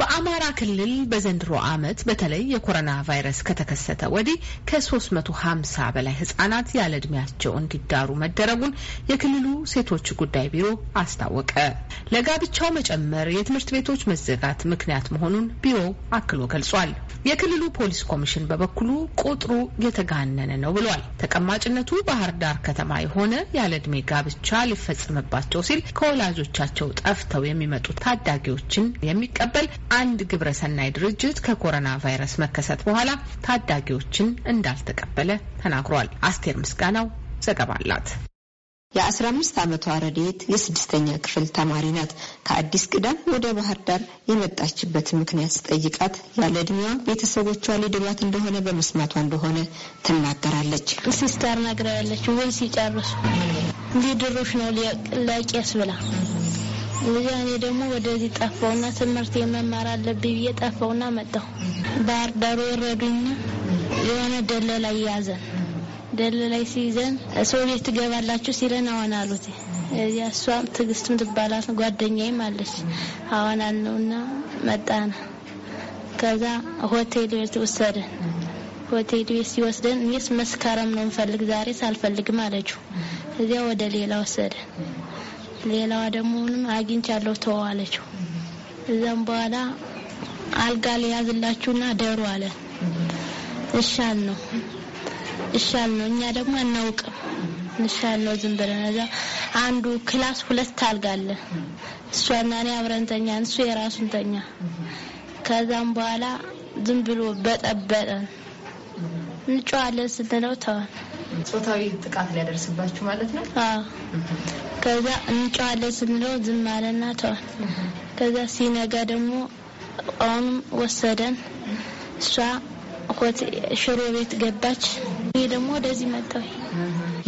በአማራ ክልል በዘንድሮ ዓመት በተለይ የኮሮና ቫይረስ ከተከሰተ ወዲህ ከ350 በላይ ህጻናት ያለ እንዲዳሩ መደረጉን የክልሉ ሴቶች ጉዳይ ቢሮ አስታወቀ። ለጋብቻው መጨመር የትምህርት ቤቶች መዘጋት ምክንያት መሆኑን ቢሮው አክሎ ገልጿል። የክልሉ ፖሊስ ኮሚሽን በበኩሉ ቁጥሩ የተጋነነ ነው ብሏል። ተቀማጭነቱ ባህር ዳር ከተማ የሆነ ያለ ጋብቻ ሊፈጸምባቸው ሲል ከወላጆቻቸው ጠፍተው የሚመጡ ታዳጊዎችን የሚቀበል አንድ ግብረሰናይ ድርጅት ከኮሮና ቫይረስ መከሰት በኋላ ታዳጊዎችን እንዳልተቀበለ ተናግሯል። አስቴር ምስጋናው ዘገባ አላት። የ የ15 ዓመቷ ረዴት የስድስተኛ ክፍል ተማሪ ናት። ከአዲስ ቅዳም ወደ ባህር ዳር የመጣችበት ምክንያት ስጠይቃት ያለ እድሜዋ ቤተሰቦቿ ሊድሯት እንደሆነ በመስማቷ እንደሆነ ትናገራለች። ሲስተር ነግራ ያለችው ወይ ሲጨርሱ ሊድሮች ነው ላቄስ ብላ እኔ ደግሞ ወደዚህ ጠፋውና ትምህርት የመማር አለብኝ ብዬ ጠፋውና መጣሁ። ባህር ዳሩ ወረዱኝና የሆነ ደለላ ያዘን። ደለላይ ሲይዘን ሶቪየት ትገባላችሁ ሲለን አዋን አሉት። እዚያ እሷም ትዕግስትም ትባላት ጓደኛዬም አለች። አዋን አልነውና መጣና ከዛ ሆቴል ቤት ወሰደን። ሆቴል ቤት ሲወስደን እኔስ መስከረም ነው እንፈልግ ዛሬ ሳልፈልግም አለችው። እዚያ ወደ ሌላ ወሰደን። ሌላዋ ደግሞ ምንም አግኝቻለሁ ተዋለችው። እዛም በኋላ አልጋ ላይ ያዝላችሁና ደሩ አለ። እሻል ነው እሻል ነው እኛ ደግሞ አናውቅም። እሻል ነው ዝም ብለን እዛ አንዱ ክላስ ሁለት አልጋ አለ። እሷና እኔ አብረን ተኛን፣ እሱ የራሱን ተኛ። ከዛም በኋላ ዝም ብሎ በጠበጠን። እንጨዋለን ስንለው ተዋል። ጾታዊ ጥቃት ሊያደርስባችሁ ማለት ነው? ከዛ እንጨዋለን ስንለው ዝም አለና ተዋል። ከዛ ሲነጋ ደግሞ አሁንም ወሰደን። እሷ ሽሮ ቤት ገባች። እኔ ደግሞ ወደዚህ መጣሁ።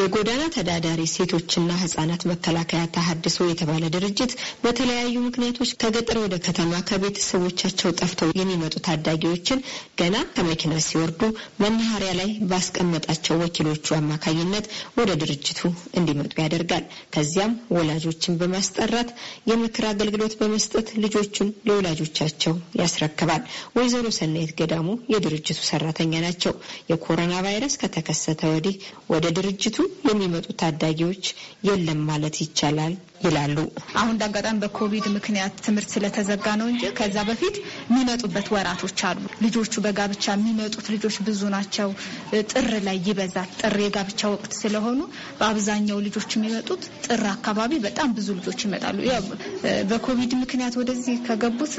የጎዳና ተዳዳሪ ሴቶችና ህጻናት መከላከያ ተሀድሶ የተባለ ድርጅት በተለያዩ ምክንያቶች ከገጠር ወደ ከተማ ከቤተሰቦቻቸው ጠፍተው የሚመጡ ታዳጊዎችን ገና ከመኪና ሲወርዱ መናኸሪያ ላይ ባስቀመጣቸው ወኪሎቹ አማካኝነት ወደ ድርጅቱ እንዲመጡ ያደርጋል። ከዚያም ወላጆችን በማስጠራት የምክር አገልግሎት በመስጠት ልጆቹን ለወላጆቻቸው ያስረክባል። ወይዘሮ ሰናይት ገዳሙ የድርጅቱ ሰራተኛ ናቸው። የኮሮና ቫይረስ ከተከሰተ ወዲህ ወደ ድርጅቱ የሚመጡ ታዳጊዎች የለም ማለት ይቻላል ይላሉ። አሁን እንዳጋጣሚ በኮቪድ ምክንያት ትምህርት ስለተዘጋ ነው እንጂ ከዛ በፊት የሚመጡበት ወራቶች አሉ። ልጆቹ በጋብቻ የሚመጡት ልጆች ብዙ ናቸው። ጥር ላይ ይበዛል። ጥር የጋብቻ ወቅት ስለሆኑ በአብዛኛው ልጆች የሚመጡት ጥር አካባቢ በጣም ብዙ ልጆች ይመጣሉ። በኮቪድ ምክንያት ወደዚህ ከገቡት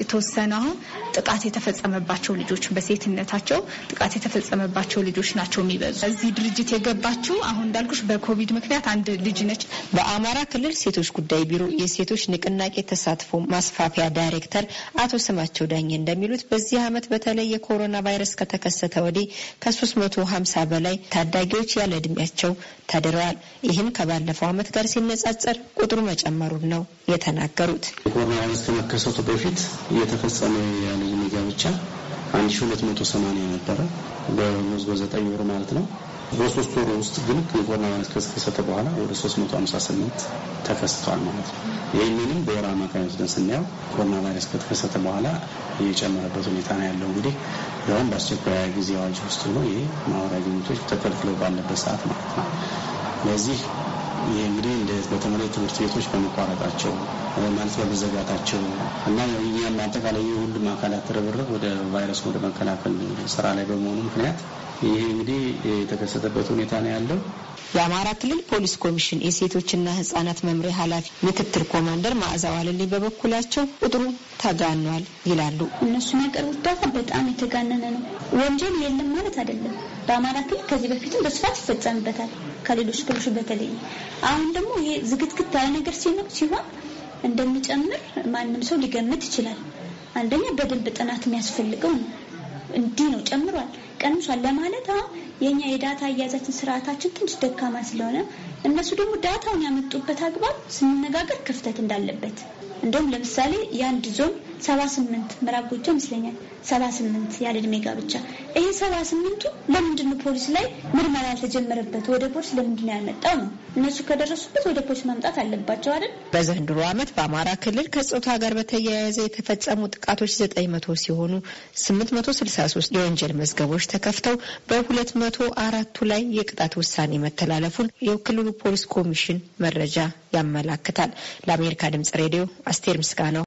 የተወሰነ አሁን ጥቃት የተፈጸመባቸው ልጆች በሴትነታቸው ጥቃት የተፈጸመባቸው ልጆች ናቸው የሚበዙ። እዚህ ድርጅት የገባችው አሁን እንዳልኩሽ በኮቪድ ምክንያት አንድ ልጅ ነች በአማራ ክልል የክልል ሴቶች ጉዳይ ቢሮ የሴቶች ንቅናቄ ተሳትፎ ማስፋፊያ ዳይሬክተር አቶ ስማቸው ዳኝ እንደሚሉት በዚህ ዓመት በተለይ የኮሮና ቫይረስ ከተከሰተ ወዲህ ከ350 በላይ ታዳጊዎች ያለ እድሜያቸው ተድረዋል። ይህም ከባለፈው ዓመት ጋር ሲነጻጸር ቁጥሩ መጨመሩን ነው የተናገሩት። የኮሮና ቫይረስ ከመከሰቱ በፊት የተፈጸመ ያለዕድሜ ጋብቻ 1280 ነበረ በመዝጎ ዘጠኝ ወር ማለት ነው በሶስት ወር ውስጥ ግን የኮሮና ቫይረስ ከተከሰተ በኋላ ወደ 358 ተከስቷል ማለት ነው። ይህንንም በወር አማካኝ ወስደን ስናየው ኮሮና ቫይረስ ከተከሰተ በኋላ የጨመረበት ሁኔታ ነው ያለው። እንግዲህ ያውም በአስቸኳይ ጊዜ አዋጅ ውስጥ ነው ይሄ ማህበራዊ ግንኙነቶች ተከልክለው ባለበት ሰዓት ማለት ነው። ለዚህ ይህ እንግዲህ በተመለ ትምህርት ቤቶች በመቋረጣቸው ማለት በመዘጋታቸው እና እኛም አጠቃላይ የሁሉም አካላት ርብርብ ወደ ቫይረሱ ወደ መከላከል ስራ ላይ በመሆኑ ምክንያት ይሄ እንግዲህ የተከሰተበት ሁኔታ ነው ያለው። የአማራ ክልል ፖሊስ ኮሚሽን የሴቶችና ህጻናት መምሪያ ኃላፊ ምክትል ኮማንደር ማዕዛ ዋለልኝ በበኩላቸው ቁጥሩ ተጋኗል ይላሉ። እነሱ የሚያቀርቡት ዳታ በጣም የተጋነነ ነው። ወንጀል የለም ማለት አይደለም። በአማራ ክልል ከዚህ በፊትም በስፋት ይፈጸምበታል ከሌሎች ክልሎች በተለይ። አሁን ደግሞ ይሄ ዝግትግት ያለ ነገር ሲሆን እንደሚጨምር ማንም ሰው ሊገምት ይችላል። አንደኛ በደንብ ጥናት የሚያስፈልገው ነው። እንዲህ ነው ጨምሯል ቀንሷል ለማለት አሁን የእኛ የዳታ አያያዛችን ስርዓታችን ትንሽ ደካማ ስለሆነ እነሱ ደግሞ ዳታውን ያመጡበት አግባብ ስንነጋገር ክፍተት እንዳለበት እንደውም ለምሳሌ የአንድ ዞን ሰባ ስምንት ምዕራብ ጎጆ ይመስለኛል ሰባ ስምንት ያለ እድሜ ጋብቻ ይሄ ሰባ ስምንቱ ለምንድን ነው ፖሊስ ላይ ምርመራ ያልተጀመረበት ወደ ፖሊስ ለምንድን ነው ያልመጣው ነው እነሱ ከደረሱበት ወደ ፖሊስ መምጣት አለባቸው አይደል በዘንድሮ አመት በአማራ ክልል ከጾታ ጋር በተያያዘ የተፈጸሙ ጥቃቶች ዘጠኝ መቶ ሲሆኑ ስምንት መቶ ስልሳ ሶስት የወንጀል መዝገቦች ተከፍተው በሁለት መቶ አራቱ ላይ የቅጣት ውሳኔ መተላለፉን የክልሉ ፖሊስ ኮሚሽን መረጃ ያመላክታል ለአሜሪካ ድምጽ ሬዲዮ አስቴር ምስጋናው